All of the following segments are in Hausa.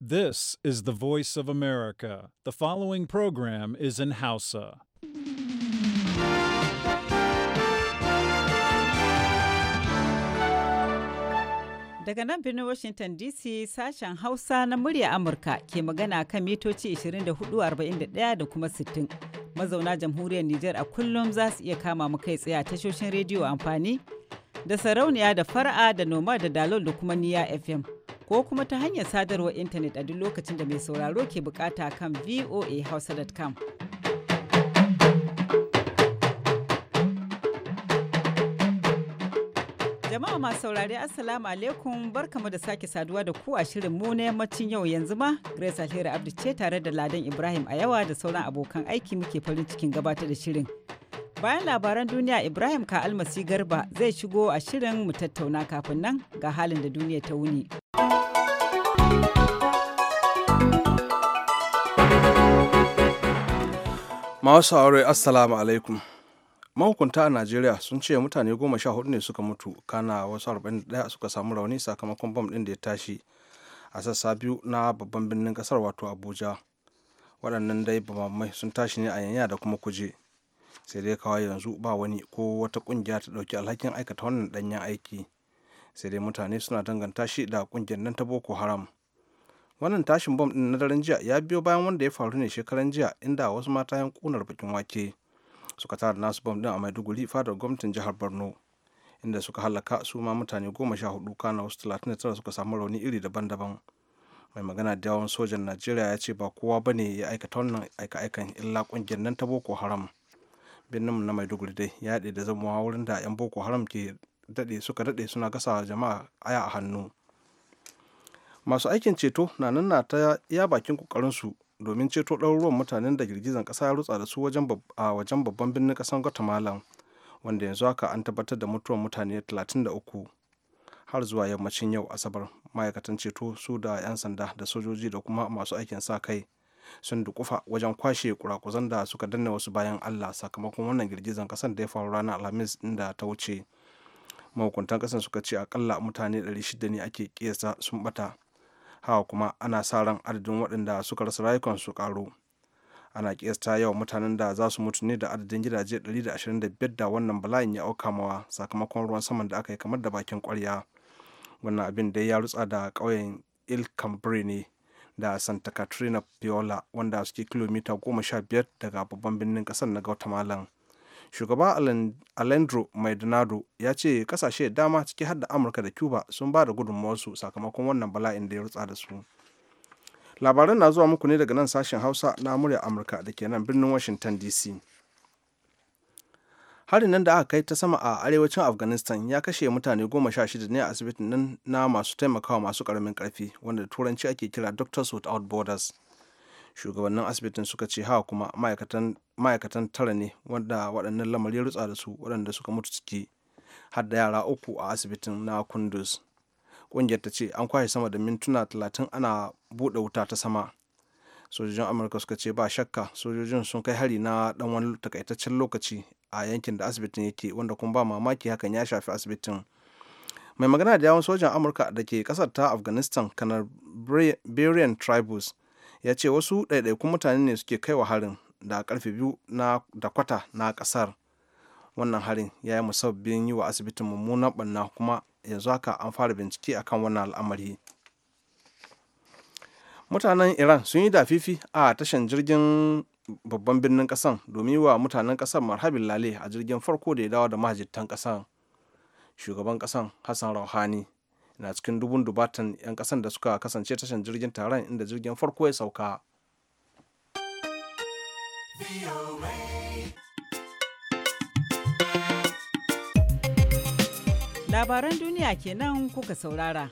This is the voice of America. The following program is in Hausa. Daga nan birnin Washington DC sashen Hausa na murya Amurka ke magana kan mitoci 24,41 da kuma 60. Mazauna jamhuriyar Nijar a kullum za su iya kama mu kai tsaye a tashoshin rediyo amfani da sarauniya da fara'a da noma da dalol da kuma niya FM. ko kuma ta hanyar sadarwar intanet a duk lokacin da mai sauraro ke bukata kan voahausa.com. Jama'a masu saurare Assalamu alaikum barkamu da sake saduwa da ku a shirin mu na yammacin yau yanzu ma Grace Alheri Abdu ce tare da Ladan Ibrahim a yawa da sauran abokan aiki muke farin cikin gabatar da shirin. Bayan labaran duniya Ibrahim ka almasi garba zai shigo a shirin mu tattauna kafin nan ga halin da duniya ta wuni. Masu aure assalamu alaikum. mahukunta a najeriya sun ce mutane goma sha hudu ne suka mutu kana wasu 41 suka samu rauni sakamakon bom din da ya tashi a sassa biyu na babban birnin kasar wato abuja waɗannan dai bamamai sun tashi ne a yanya da kuma kuje sai dai kawai yanzu ba wani ko wata kungiya ta dauki alhakin aikata wannan danyen aiki sai dai mutane suna danganta shi da kungiyar nan ta boko haram wannan tashin bom ɗin na daren jiya ya biyo bayan wanda ya faru ne shekaran jiya inda wasu mata yan kunar bakin wake suka tara nasu bom din a maiduguri fadar gwamnatin jihar borno inda suka halaka su ma mutane goma sha hudu kana wasu talatin da tara suka samu rauni iri daban-daban mai magana da yawan sojan najeriya ya ce ba kowa ba ne ya aikata wannan aika-aikan illa kungiyar nan ta boko haram birnin na maiduguri dai ya haɗe da zama wurin da 'yan boko haram ke daɗe suka daɗe suna gasa jama'a aya a hannu masu aikin ceto na nan na ta iya bakin kokarin su domin ceto ɗaruruwan mutanen da girgizan ƙasa ya rutsa da su wajen babban birnin ƙasar guatemala wanda yanzu haka an tabbatar da mutuwar mutane 33 har zuwa yammacin yau asabar ma'aikatan ceto su da 'yan sanda da sojoji da kuma masu aikin sa kai sun dukufa wajen kwashe kurakuzan da suka danna wasu bayan allah sakamakon wannan girgizan kasan da ya faru ranar alhamis inda ta wuce mahukuntan kasan suka ce akalla mutane 600 ne ake kiyasa sun bata hawa kuma ana sa ran adadin waɗanda suka rasa rayukansu karo ana kiyasta yawan mutanen da za su mutu ne da adadin gidaje 125 da wannan bala'in ya auka mawa sakamakon ruwan saman da aka yi kamar da bakin kwarya wannan abin da ya rutsa da ƙauyen Ilkambri ne da santa katrina piola wanda suke kilomita goma sha biyar daga babban birnin kasar na guatemala shugaba alejandro maldonado ya ce kasashe dama ciki har da amurka da cuba sun ba da gudunmawarsu sakamakon wannan bala'in da ya rutsa da su labaran na zuwa muku ne daga nan sashen hausa na murya amurka da ke nan birnin washington dc harin nan da aka kai ta sama a arewacin afghanistan ya kashe mutane goma sha shida ne a asibitin nan na masu taimakawa masu karamin karfi wanda da turanci ake kira doctors without borders shugabannin asibitin suka ce hawa kuma ma'aikatan tara ne wanda waɗannan lamari ya rutsa da su waɗanda suka mutu ciki har da yara uku a asibitin na kunduz ƙungiyar ta ce an kwashe sama da mintuna talatin ana buɗe wuta ta sama sojojin amurka suka ce ba shakka sojojin sun kai hari na ɗan wani takaitaccen lokaci a yankin da asibitin yake wanda kuma ba mamaki hakan ya shafi asibitin mai magana da yawon sojan amurka da ke kasar ta afghanistan kanar berian tribus ya ce wasu ɗaiɗaikun mutane ne suke kaiwa harin da karfe biyu na da kwata na kasar wannan harin ya yi musabbin yi wa asibitin mummunan ɓanna kuma yanzu haka an fara bincike akan wannan al'amari mutanen iran sun yi dafifi a tashan jirgin babban birnin kasan domin yi wa mutanen kasan marhabin lale a jirgin farko da ya dawo da mahajittan kasan shugaban kasan hassan rauhani na cikin dubun dubatan 'yan kasan da suka kasance tashin jirgin taron inda jirgin farko ya sauka labaran duniya kenan kuka saurara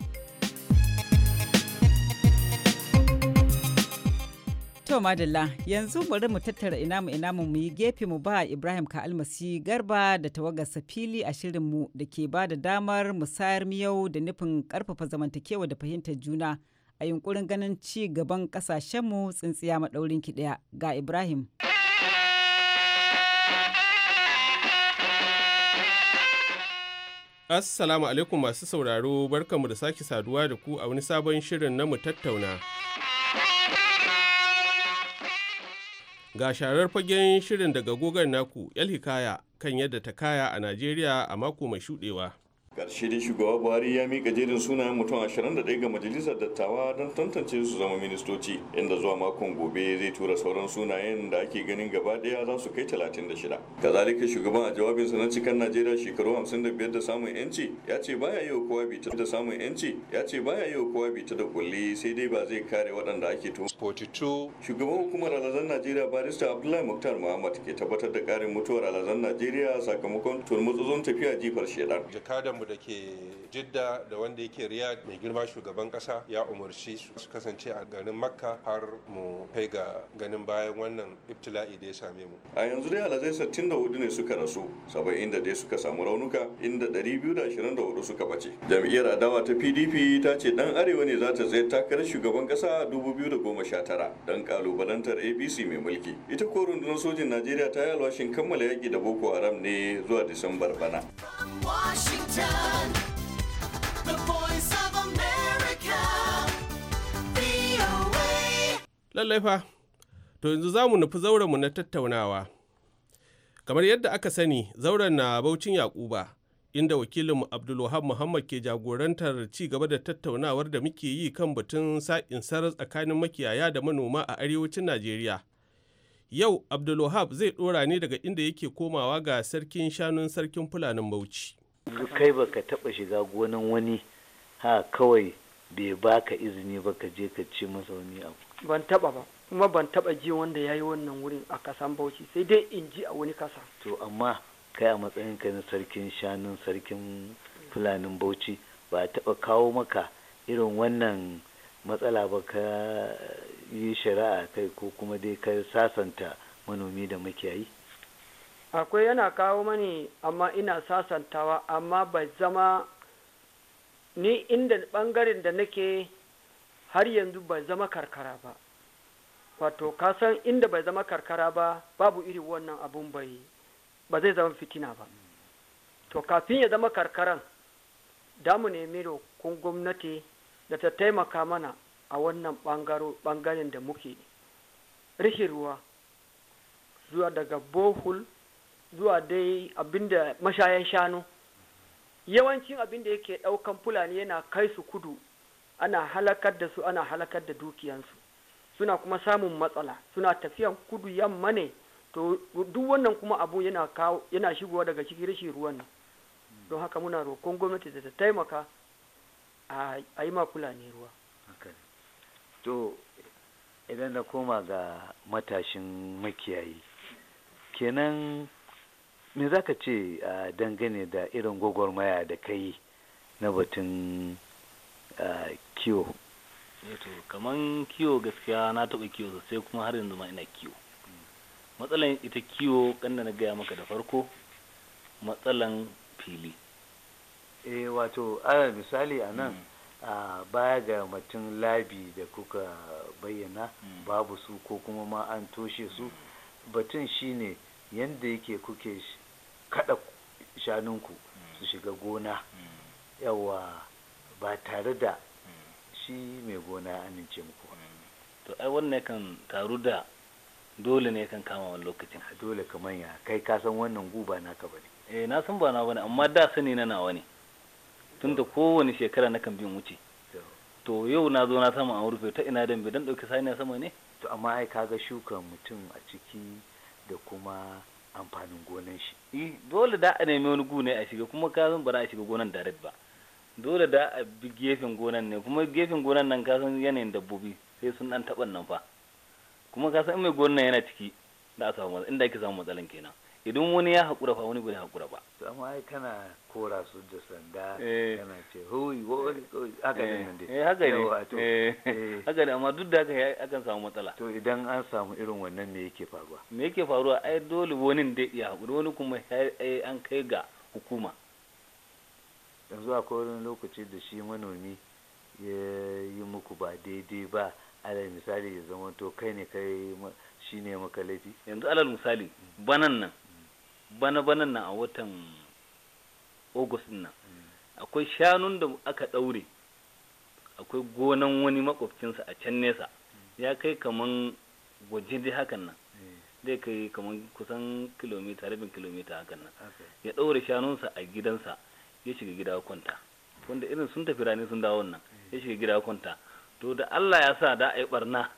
To Madalla, yanzu bari mu tattara inamu inamu mu yi gefe mu ba Ibrahim ka almasi garba da tawagarsa fili a shirinmu da ke ba da damar musayar miyau da nufin karfafa zamantakewa da fahimtar juna a yunkurin ganin ci gaban mu tsintsiya maɗaurin ki ɗaya ga Ibrahim. Assalamu alaikum masu sauraro barkamu da sake saduwa da ku a wani sabon shirin na mu tattauna. Ga sharar fagen shirin daga gogon naku, yalhikaya Hikaya, kan yadda ta kaya a Najeriya a mako mai shuɗewa. karshe dai shugaba buhari ya mika jerin sunayen mutum 21 ga majalisar dattawa don tantance su zama ministoci inda zuwa makon gobe zai tura sauran sunayen da ake ganin gaba daya za su kai 36 kazalika shugaban a jawabinsa na cikin najeriya shekaru 55 da samun yanci ya ce baya yi kowa bita da samun yanci ya ce baya yi kowa bita da kulli sai dai ba zai kare waɗanda ake tuhum 42 shugaban hukumar alazan najeriya barista abdullahi muktar muhammad ke tabbatar da karin mutuwar alazan najeriya sakamakon turmutsuzon tafiya jifar shedar da ke jidda da wanda yake riyad mai girma shugaban kasa ya umarci su kasance a garin makka har mu kai ga ganin bayan wannan ibtila'i da ya same mu a yanzu dai alazai da hudu ne suka rasu da dai suka samu raunuka inda ɗari biyu da da ashirin hudu suka bace jam'iyyar adawa ta pdp ta ce dan arewa ne za ta tsaye takarar shugaban kasa dubu biyu da goma sha tara, dan kalubalantar apc mai mulki ita ko rundunar sojin najeriya ta yi alwashin kammala yaki da boko haram ne zuwa disambar bana Washington. Lallai fa, to yanzu za mu nufi zaurenmu na tattaunawa. Kamar yadda aka sani, zauren na Baucin Yakuba, inda wakilinmu Abdulwahab Muhammad ke jagorantar ci gaba da tattaunawar da muke yi kan batun sa'in sarar tsakanin makiyaya da manoma a arewacin Najeriya. Yau Abdulwahab zai ɗora ne daga inda yake komawa ga sarkin shanun sarkin Fulanin Bauchi. kai baka taba shiga gonan wani ha kawai bai baka izini ba ka je ka ce masa wani abu ban taba ba kuma ban taba ji wanda yayi wannan wurin a kasan Bauchi sai dai in ji a wani kasa to amma kai a matsayin ka na sarkin shanun sarkin fulanin Bauchi ba taɓa kawo maka irin wannan matsala ba ka yi shari'a kai ko kuma dai ka sasanta manomi da makiyayi akwai yana kawo mani amma ina sasantawa amma bai zama ni inda bangaren da nake har yanzu bai zama karkara ba wato kasan inda bai zama karkara ba babu iri wannan abun bai ba zai zama fitina ba to kafin ya zama karkaran da mu nemi kun gwamnati da ta taimaka mana a wannan bangaren da muke rihirwa zuwa daga bohol zuwa dai abinda mashayan shanu yawancin abinda yake ɗaukan fulani yana kai su kudu ana halakar da su ana halakar da dukiyansu suna kuma samun matsala suna tafiyan kudu yamma ne to duk wannan kuma abu yana kawo yana shigowa daga cikin rashin ruwan nan don haka muna roƙon gwamnati da ta taimaka a yi ma fulani ruwa to idan na koma ga matashin makiyayi kenan me za ka ce dangane da irin gwagwarmaya da ka yi na batun kiwo eh to kaman kiwo gaskiya na taɓa kiwo sosai kuma har yanzu ma ina kiwo matsalan ita kiwo da na gaya maka da farko matsalan fili e wato alal misali a nan mm. a baya ga mutum labi da kuka bayyana mm. babu su ko kuma ma an toshe su mm. batun shine yadda yake kuke kada shanunku su shiga gona yawa ba tare da shi mai gona ya amince muku to ai wannan kan taru da dole ne kan kama wani lokacin dole kamar ya kai ka san wannan guba naka bane eh na san ba na bane amma da sani na nawa ne tunda kowane shekara na kan bin wuce to yau na zo na sama an rufe ta ina dambe dan dauki sani na sama ne to amma ai kaga shukan mutum a ciki da kuma amfanin gonan shi dole da a nemi wani gune a shiga kuma ka san ba a shiga gonan da ba dole da a bi gefen gonan ne kuma gefen gonan nan ka san yanayin dabbobi sai sun dan taban nan fa kuma ka san mai gonan yana ciki da a samu inda ake samu matsalan kenan idan wani ya haƙura fa wani bai haƙura ba amma ai kana kora su da sanda eh. kana ce hoyi wani haka ne eh. nan dai eh, haka ne haka ne amma duk da haka akan samu matsala to idan an samu irin wannan me yake faruwa me yake faruwa ai dole wani dai ya haƙura wani kuma an kai ga hukuma yanzu akwai wani lokaci da shi manomi ya yi muku ba daidai ba alal misali ya zama to kai ne kai shi ne maka laifi yanzu alal misali banan nan bana banan nan a watan August nan akwai shanun da aka daure akwai gonan wani makwabcinsa a can nesa ya kai kaman waje dai hakan nan zai kai kaman kusan kilomita rabin kilomita hakan nan ya daure shanunsa a gidansa ya shiga gida kwanta wanda irin sun tafi rani sun dawo nan ya shiga gida kwanta to da Allah ya sa da a yi barna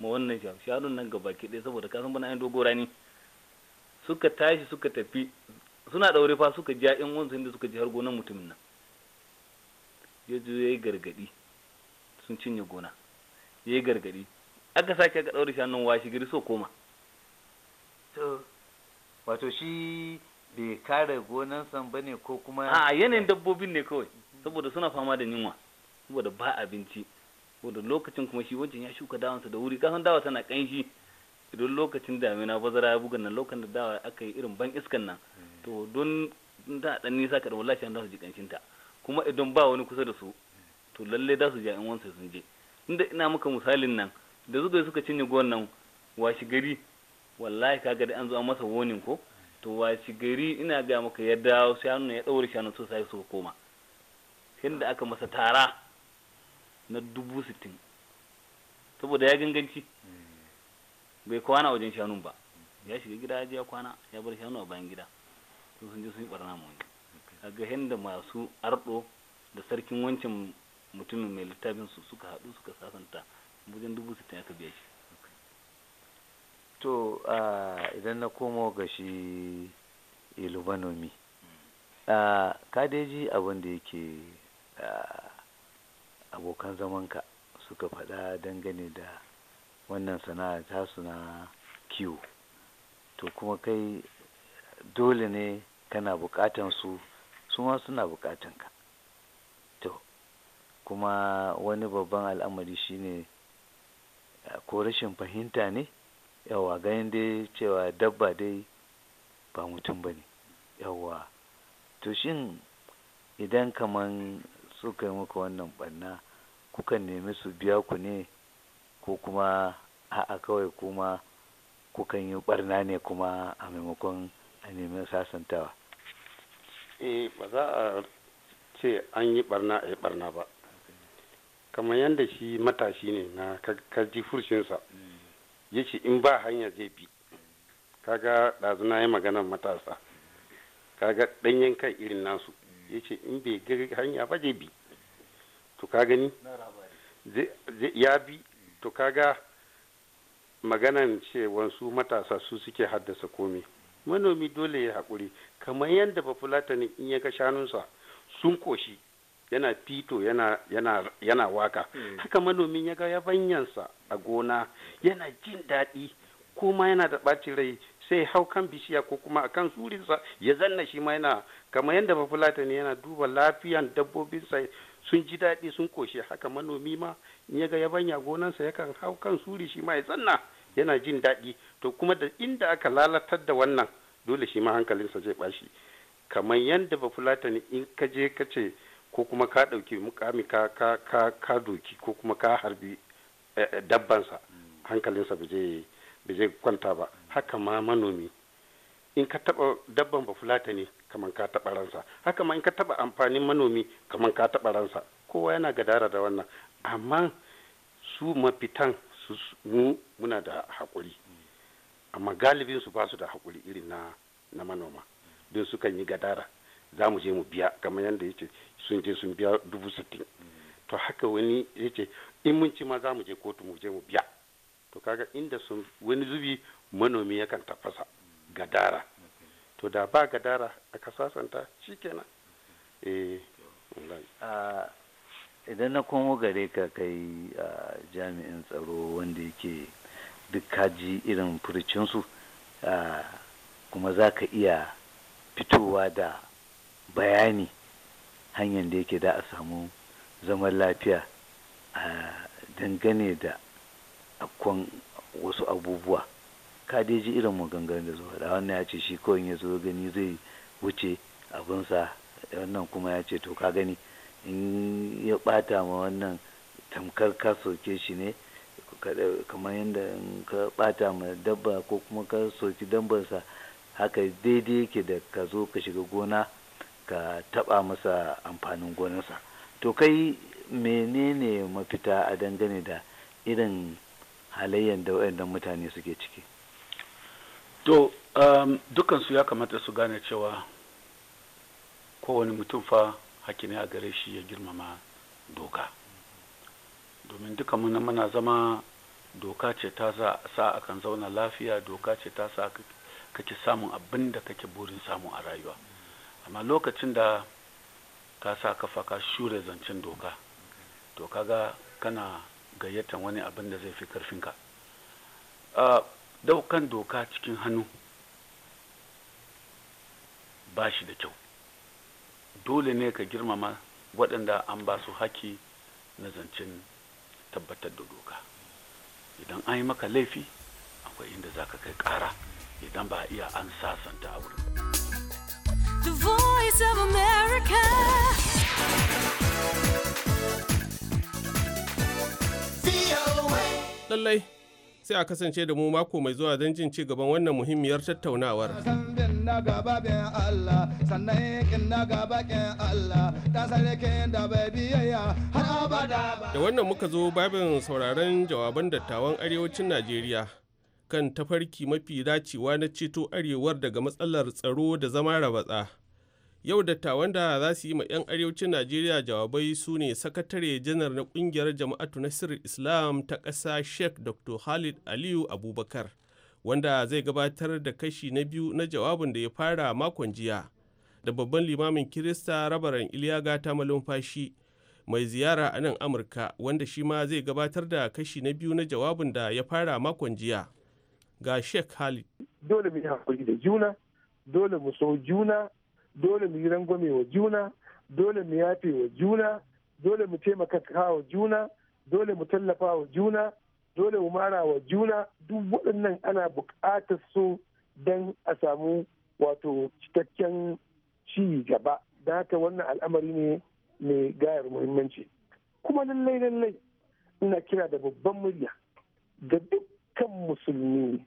ma wannan shanun nan gaba ɗaya saboda kasan bana yin dogo rani suka tashi suka tafi suna ɗaure fa suka ja in wansu inda suka ji har gonan mutumin nan ya zo ya yi gargaɗi sun cinye gona ya yi gargaɗi aka sake aka ɗaure shanun washe gari so koma wato shi bai kare gonan san bane ko kuma a yanayin dabbobin ne kawai saboda suna fama da yunwa saboda ba abinci saboda lokacin kuma shi wancan ya shuka dawansa da wuri kasan dawa tana kanshi shi don lokacin damina bazara ya buga nan lokacin da dawa aka yi irin ban iskan nan to don da dan nisa ka da wallahi an za su ji kancin ta kuma idan ba wani kusa da su to lalle da su ji an wansa sun je inda ina maka misalin nan da zuka suka cinye gonan nan washi gari wallahi kaga da an zo an masa warning ko to washi gari ina ga maka ya dawo shanu ya daure shanu so sai su koma inda aka masa tara na dubu sittin saboda ya ganganci bai kwana wajen shanun ba ya shiga gida ya kwana ya bar shanu a bayan gida sun sun je sun yi barna mu wani kaga yadda masu arɗo da sarkin wancan mutumin mai littafin su suka haɗu suka sasanta wajen dubu sittin aka biya shi to idan na komo ga shi ilubanomi hmm. kadeji abin da yake abokan zamanka suka faɗa dangane da wannan sana'a ta na kiwo to kuma kai dole ne kana bukatan su su ma suna bukatan ka to kuma wani babban al'amari shine ko rashin fahimta ne yawa ganin dai cewa dabba dai ba mutum ba ne yawa to shin idan kaman suka yi muka wannan barna kukan nemi su biya ku ne ko kuma a'a kawai kuma kukan yi barna ne kuma a maimakon a neman sasantawa eh ba za a ce an yi barna a yi barna ba kamar yadda shi matashi ne na kaji furshinsa ya ce in ba hanya zai bi kaga ɗazuna ya magana matasa kaga ɗanyen kai irin nasu ya ce in bai ga hanya ba zai bi to ka gani ya bi to kaga maganan cewan su matasa su suke haddasa komi manomi dole ya hakuri kamar yadda bafulatanin in ya ga shanunsa sun koshi yana fito yana, yana, yana waka hmm. haka manomin ya ga yabanyansa a gona yana jin daɗi kuma yana da ɓacin rai sai hau kan bishiya ko kuma a kan surinsa ya zanna shi ma yana kamar yadda bafulatani yana duba lafiyan dabbobinsa sun ji daɗi sun koshe haka manomi ma in ya ga yabanya gonansa yakan hau kan suri shi ma ya tsanna yana jin daɗi to kuma da inda aka lalatar da wannan dole shi ma hankalinsa zai bashi kamar yadda ba fulata ne in ka je ka ce ko kuma ka ɗauki mukami ka ka ka ka doki ko kuma ka harbi eh, eh, dabbansa hankalinsa ba zai kwanta ba haka ma manomi in ka taɓa dabban ba ne. kamar ka taɓa ransa haka ma in ka taɓa amfanin manomi kamar ka taɓa ransa kowa yana gadara da wannan amma su mafitan su mu muna da haƙuri amma galibin su ba su da haƙuri irin na na manoma don su kan yi gadara za mu je mu biya kamar yadda ya ce sun je sun biya dubu sittin to haka wani ya ce in mun ci ma za mu je kotu mu je mu biya to kaga inda sun wani zubi manomi yakan tafasa gadara to da ba gadara aka sasanta shi kenan eh, idan na komo gare ka kai a jami'in tsaro wanda yake duk kaji irin furcinsu kuma za ka iya fitowa da bayani hanyar da yake da a samu zaman lafiya a dangane da akwai wasu abubuwa ka dai ji irin maganganun da su faɗa wannan ya ce shi kawai ya zo gani zai wuce sa wannan kuma ya ce to ka gani in ya bata ma wannan tamkar ka soke shi ne kamar yadda ka bata ma dabba ko kuma ka soki dambarsa haka daidai yake da ka zo ka shiga gona ka taɓa masa amfanin gonarsa to kai menene mafita a dangane da irin halayyar da waɗannan mutane suke ciki to um, dukansu ya kamata su gane cewa kowane mutum fa hakki a gare shi ya girmama doka domin duka muna muna zama doka ce ta sa kan zauna lafiya doka ce ta sa kake samun abin da kake burin samu a rayuwa amma lokacin da ka sa kafa ka shure zancen doka to kaga kana gayyatan wani abin da zai fi karfinka ah, daukan doka cikin hannu ba shi da kyau dole ne ka girmama waɗanda an ba su haƙi na zancen tabbatar da doka idan an yi maka laifi akwai inda za ka kai ƙara idan ba a iya an sasanta a wurin Lallai sai a kasance da mu mako mai zuwa don jin ci gaban wannan muhimmiyar tattaunawar. Da wannan muka zo babin sauraron jawaban dattawan arewacin Najeriya kan tafarki mafi dacewa na ceto arewar daga matsalar tsaro da zama rabatsa. Yau dattawan da za su yi ma 'yan arewacin Najeriya jawabai su ne sakatare janar na kungiyar jama'atu na sirri Islam ta ƙasa Sheikh Dr. Khalid Aliyu Abubakar, wanda zai gabatar da kashi na biyu na jawabin da ya fara makon jiya. Da babban limamin Kirista rabaran Iliyaga ta malumfashi mai ziyara a nan Amurka wanda shi ma zai gabatar da kashi na biyu na jawabin da ya fara makon jiya. Ga Sheikh Khalid. Dole mu yi hakuri da juna, dole mu so juna dole mu yi rangwame wa juna dole mu yafe wa juna dole mu taimaka wa juna dole mu tallafa wa juna dole mu mara wa juna duk waɗannan ana buƙatar su don a samu wato cikakken ci gaba da haka wannan al'amari ne mai gayar muhimmanci kuma lallai lallai ina kira da babban murya ga dukkan musulmi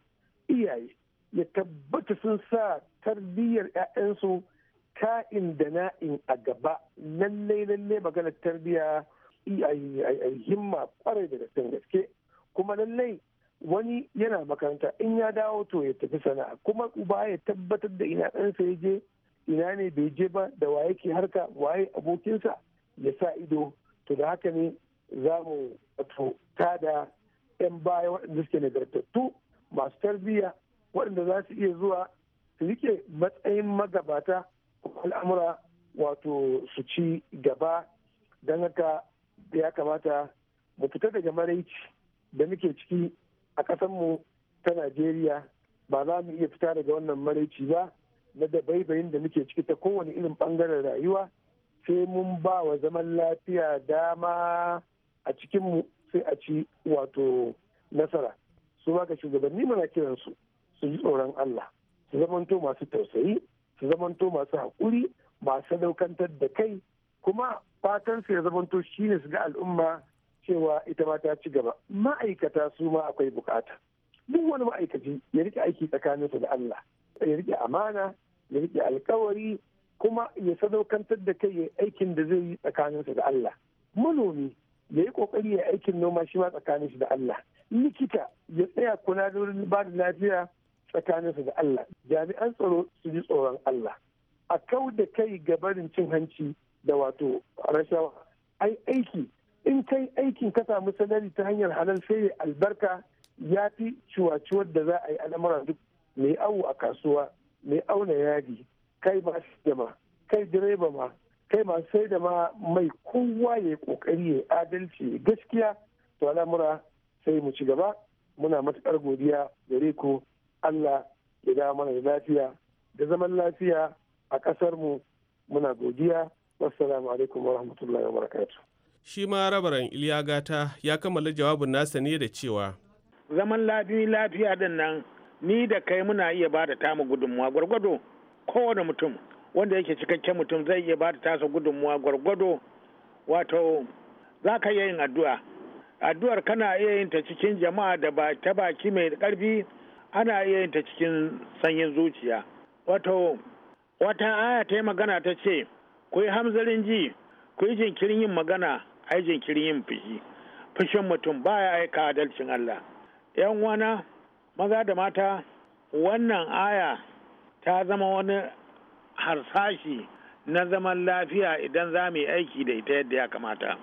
iyaye ya tabbata sun sa tarbiyyar 'ya'yansu ka'in da na'in a gaba lallai lallai maganar tarbiyya a himma kwarai da gaske gaske kuma lallai wani yana makaranta in ya dawo to ya tafi sana'a kuma uba ya tabbatar da ina ɗansa ya je ina ne bai je ba da waye ke harka waye abokinsa ya sa ido to da haka ne za mu tada 'yan baya waɗanda suke nagartattu masu tarbiyya waɗanda za su iya zuwa su rike matsayin magabata al'amura wato su ci gaba don haka ya kamata mu fita daga maraici da muke ciki a ƙasanmu ta najeriya ba za mu iya fita daga wannan maraici ba na dabaibayin da muke ciki ta kowane irin ɓangaren rayuwa sai mun ba wa zaman lafiya dama a cikinmu sai a ci wato nasara su ba ga shugabanni mana kiransu su ji tsoron allah su zamanto masu tausayi su zamanto masu haƙuri masu daukantar da kai kuma fatan su ya zamanto shi ne su ga al'umma cewa ita ma ta ci gaba ma'aikata su ma akwai bukata duk wani ma'aikaci ya rike aiki tsakaninsa da Allah ya rike amana ya rike alkawari kuma ya sadaukantar da kai ya aikin da zai yi tsakaninsa da Allah manomi ya yi kokari ya aikin noma shi ma tsakanin tsakaninsa da Allah likita ya tsaya kuna da ba da lafiya tsakaninsa da Allah jami'an tsaro su ji tsoron Allah a kau da kai gabarin cin hanci da wato rashawa ai aiki in kai aikin ka samu sanari ta hanyar halal sai albarka ya fi ciwaciwar da za a yi al'amura duk mai awo a kasuwa mai auna yadi kai ba jama kai direba ma kai masu sai da ma mai kowa ya kokari ya adalci gaskiya to al'amura sai mu ci gaba muna matukar godiya gare ku Allah ya dawo mana lafiya da zaman lafiya a ƙasar mu muna godiya wassalamu alaikum wa rahmatullahi wa barakatuh shi ma rabaran iliya gata ya kammala jawabin nasa ne da cewa zaman lafiya din nan ni da kai muna iya ba da tamu gudunmuwa gwargwado kowane mutum wanda yake cikakken mutum zai iya ba da tasa gudunmuwa gwargwado wato za ka iya yin addu'a addu'ar kana iya yin ta cikin jama'a da ba ta baki mai ƙarfi. ana iya yin ta cikin sanyin zuciya wato wata aya ta yi magana ta ce ku yi hamzarin ji ku yi jinkirin yin magana a yi jinkirin yin fushi fushin mutum ba ya aika adalcin Allah yan wana maza da mata wannan aya ta zama wani harsashi na zaman lafiya idan za mu yi aiki da ita yadda ya kamata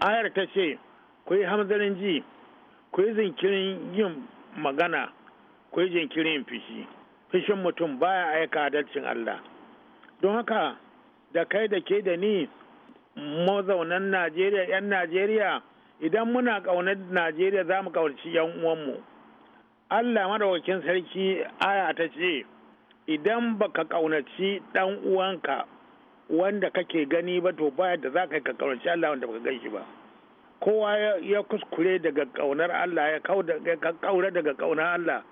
ayar ta ce ku yi hamzarin ji ku yi jinkirin yin magana yi jinkirin fishi fishin mutum baya aika adalcin Allah don haka da kai da ke da ni mazaunan Najeriya 'yan Najeriya idan muna ƙaunar Najeriya za mu ƙaunci 'yan uwanmu Allah madawakin sarki aya ta ce idan baka ƙaunaci ɗan uwanka wanda kake gani ba to baya da za ka ka ƙaunaci Allah wanda baka gan shi ba kowa ya kuskure daga ƙaunar Allah ya kaura daga ƙaunar Allah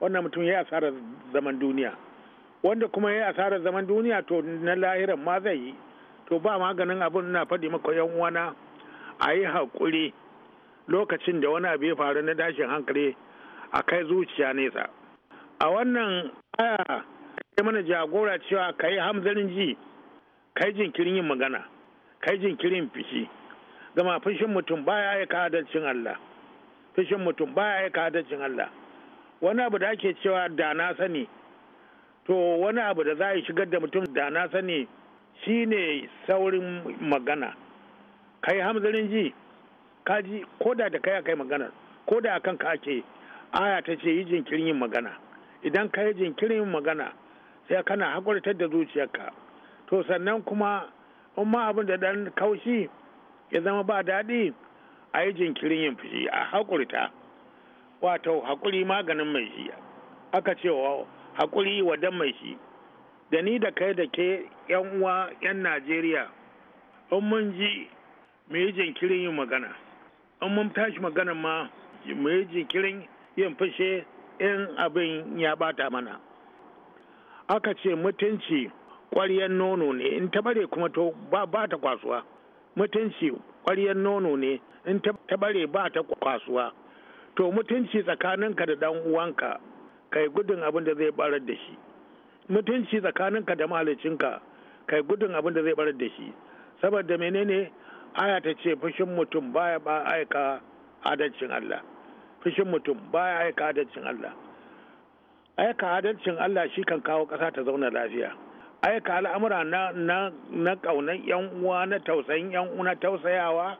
wannan mutum ya yi asarar zaman duniya wanda kuma ya yi asarar zaman duniya to na lahiran ma zai yi to ba maganin abin na faɗi maka yan wana a yi haƙuri lokacin da wani abu ya faru na dashin hankali a kai zuciya nesa a wannan aya kai mana jagora cewa ka yi hamzarin ji kai jinkirin yin magana kai jinkirin fishi gama fushin mutum baya aika adalcin Allah fushin mutum baya aika adalcin Allah wani abu da ake cewa da na sani to wani abu da za a shigar da mutum da na sani shine saurin magana kai hamzarin ji kaji ko da da kai kai magana ko da kan ka ake aya ta ce yi jinkirin yin magana idan ka yi jinkirin yin magana sai kana hakurtar da zuciyarka to sannan kuma in ma abin da dan kaushi ya zama ba daɗi a yi jinkirin yin fushi a haƙurta wato haƙuri maganin mai shi aka cewa haƙuri wadan mai shi da ni da kai da ke yan uwa yan najeriya in mun ji mu yi jinkirin yin magana in mun tashi magana ma mu yi jinkirin yin fushe in abin ya bata mana aka ce mutunci ƙwaryen nono ne in ta bare kuma to ba ta kwasuwa mutunci ƙwaryen nono ne in ta bare ba ta kwasuwa to mutunci tsakaninka da dan uwanka kai gudun abin da zai barar da shi mutunci tsakaninka da mahalicinka kai gudun abin da zai barar da shi saboda menene aya ta ce fushin mutum baya ba aika adalcin Allah fushin mutum baya aika adalcin Allah aika adalcin Allah shi kan kawo ƙasa ta zauna lafiya aika al'amura na na na ƙaunar yan uwa na tausayin yan uwa na tausayawa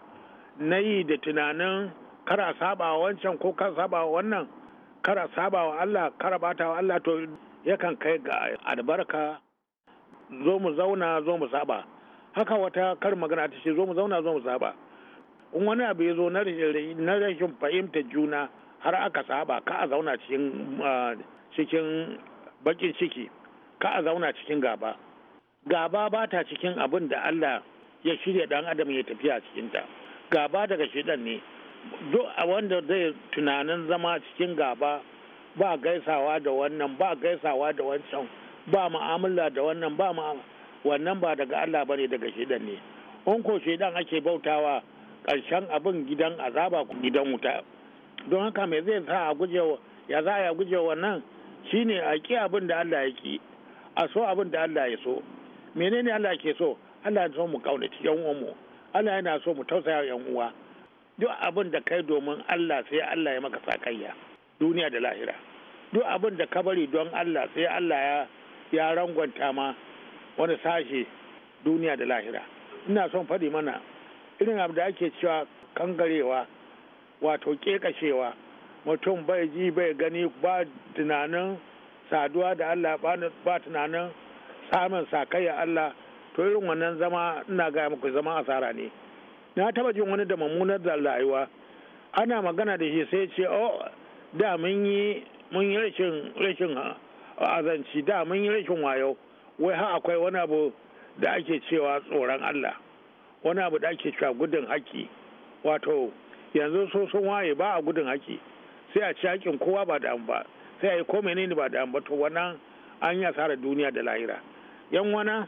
na yi da tunanin kara saba wa wancan ko ka saba wa wannan kara saba wa Allah kara bata wa Allah to yakan kai ga albarka zo mu zauna zo mu saba haka wata kar magana ta ce zo mu zauna zo mu saba in wani abu ya zo na rashin fahimta juna har aka saba ka a zauna cikin ah, cikin bakin ciki ka a zauna cikin gaba gaba ba ta cikin abin da Allah ya shirya dan adam ya tafiya cikinta gaba daga shidan ne duk a wanda zai tunanin zama cikin gaba ba gaisawa da wannan ba gaisawa da wancan ba mu'amala da wannan ba wannan ba daga Allah ba ne daga shidan ne in ko shidan ake bautawa ƙarshen abin gidan azaba gidan wuta don haka me zai sa a guje ya za a guje wannan shine a ki abin da Allah ya ki a so abin da Allah ya so menene Allah ke so Allah ya so mu kaunaci yan uwanmu Allah yana so mu tausaya yan uwa duk abin da kai domin Allah sai Allah ya maka sakayya duniya da lahira duk abin da ka bari don Allah sai Allah ya ya rangwanta ma wani sashe duniya da lahira ina son faɗi mana irin abu da ake cewa kangarewa wato kekashewa mutum bai ji bai gani ba tunanin saduwa da Allah ba tunanin samun sakayya Allah to irin wannan zama ina gaya muku zama asara ne na taba jin wani da mummunar da rayuwa ana magana da shi sai ce oh da mun yi mun yi rashin rashin ah, azanci da mun yi rashin wayo wai ha akwai wani abu da ake cewa tsoron Allah wani abu da ake cewa gudun haƙi wato yanzu so sun waye ba a gudun haƙi sai a ci haƙin kowa ba da ba sai a yi ko menene ba da ba to wannan an yi asarar duniya da lahira yan wana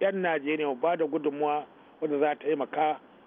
yan najeriya ba da gudunmuwa wanda za ta taimaka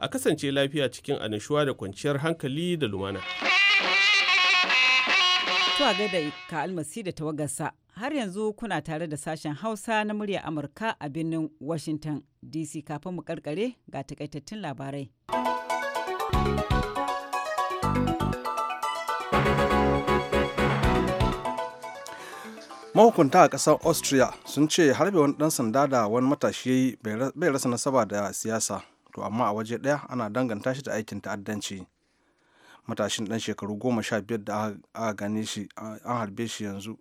a kasance lafiya cikin anishuwa da kwanciyar hankali da lumana. Tuwa gaida ka almasi da tawagarsa har yanzu kuna tare da sashen Hausa na murya Amurka a birnin Washington DC kafin mu karkare ga takaitattun labarai. mahukunta a ƙasar austria sun ce harbe wani ɗan sanda da wani matashi bai rasa nasaba da siyasa to amma a waje ɗaya ana danganta shi da aikin ta'addanci matashin ɗan shekaru goma sha biyar da aka gane shi an harbe shi yanzu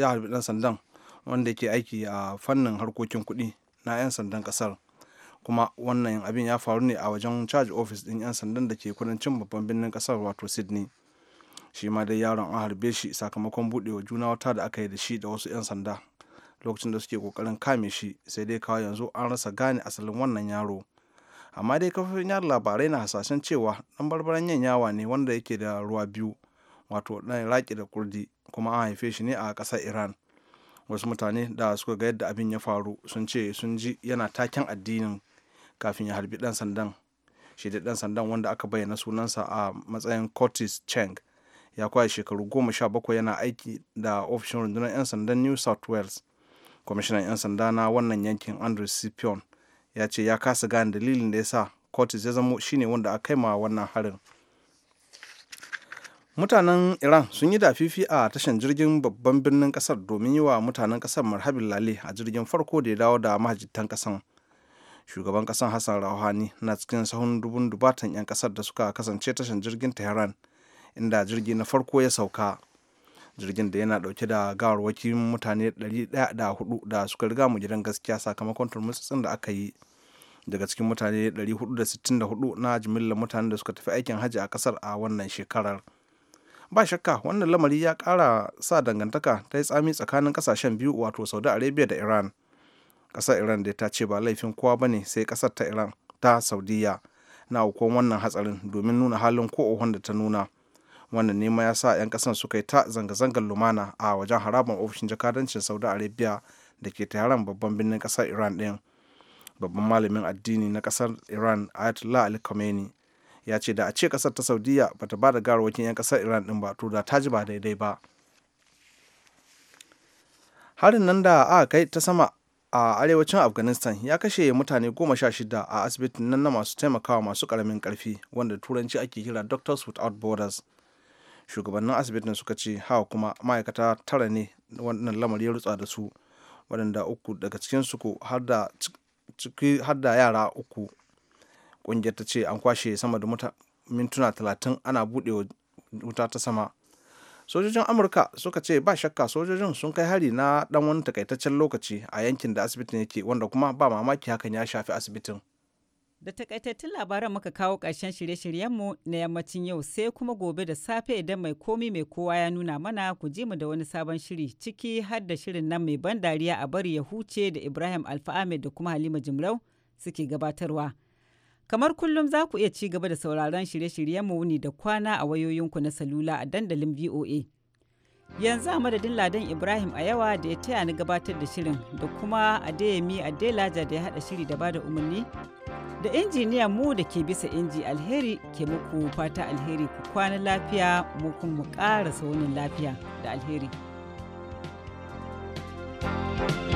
ya harbe ɗan sandan wanda yake aiki a fannin harkokin kuɗi na 'yan sandan kasar kuma wannan abin ya faru ne a wajen charge office ɗin 'yan sandan da ke kudancin babban birnin ƙasar wato sydney shi ma dai yaron an harbe shi sakamakon buɗewa juna wata da aka yi da shi da wasu 'yan sanda lokacin da suke kokarin kame shi sai dai kawai yanzu an rasa gane asalin wannan yaro amma dai kafofin yada labarai na hasashen cewa dan barbaran yawa ne wanda yake da ruwa biyu wato dan iraki da kurdi kuma an haife shi ne a ƙasar iran wasu mutane da suka ga yadda abin ya faru sun ce sun ji yana taken addinin kafin ya harbi dan sandan shi da dan sandan wanda aka bayyana sunansa a matsayin curtis cheng ya kwaya shekaru goma sha bakwai yana aiki da ofishin rundunar 'yan sandan new south wales kwamishinan 'yan sanda na wannan yankin andrew sipion ya ce ya kasa gane dalilin da ya sa cortis ya zamo shine wanda aka kai ma wannan harin mutanen iran sun yi dafifi a tashan jirgin babban birnin kasar domin yi wa mutanen kasar marhabin lale a jirgin farko da ya dawo da mahajjitan kasan shugaban kasan hassan rouhani na cikin sahun dubun dubatan 'yan kasar da suka kasance tashan jirgin tehran inda jirgi na farko ya sauka jirgin da yana dauke da gawarwakin mutane 104 da suka riga mu gidan gaskiya sakamakon turmutsutsun da aka yi daga cikin mutane 464 na jimillar mutane da suka tafi aikin hajji a kasar a wannan shekarar ba shakka wannan lamari ya kara sa dangantaka ta yi tsami tsakanin kasashen biyu wato saudi arabia da iran kasar iran da ta ce ba laifin kowa ba ne sai kasar ta iran ta saudiya na hukuman wannan hatsarin domin nuna halin ko da ta nuna wannan nema ya sa 'yan kasan suka yi ta zanga-zangar lumana a wajen harabar ofishin jakadancin saudi arabia da ke taron babban birnin kasar iran din babban malamin addini na kasar iran ayatollah ali khamenei ya ce da a ce kasar ta saudiya bata ba da garwakin 'yan kasar iran din ba to da ta ji ba daidai ba harin nan da aka kai ta sama a arewacin afghanistan ya kashe mutane goma sha shida a asibitin nan na masu taimakawa masu karamin karfi wanda turanci ake kira doctors without borders shugabannin asibitin suka ce hawa kuma ma'aikata tara ne wannan lamari ya rutsa da su waɗanda uku daga cikinsu ko har da yara uku ƙungiyar ta ce an kwashe sama da mintuna talatin ana buɗe wuta ta sama sojojin amurka suka ce ba shakka sojojin sun kai hari na ɗan wani takaitaccen lokaci a yankin da asibitin yake wanda kuma ba mamaki hakan ya shafi asibitin Da takaitattun labaran muka kawo ƙarshen shirye-shiryenmu na yammacin yau sai kuma gobe da safe idan mai komi mai kowa ya nuna mana ku ji mu da wani sabon shiri ciki har da shirin nan mai ban dariya a bari ya huce da Ibrahim Alfa'ame da kuma Halima Jimrau suke gabatarwa. Kamar kullum za ku iya ci gaba da sauraron shirye-shiryenmu wuni da kwana a wayoyinku na salula a dandalin VOA. yanzu a madadin ladan ibrahim a yawa da ya taya ni gabatar da shirin da kuma a adelaja da ya haɗa shiri da bada umarni da injiniya mu da ke bisa inji alheri ke muku fata alheri ku kwana lafiya mu kun mu ƙara saunin lafiya da alheri. thank you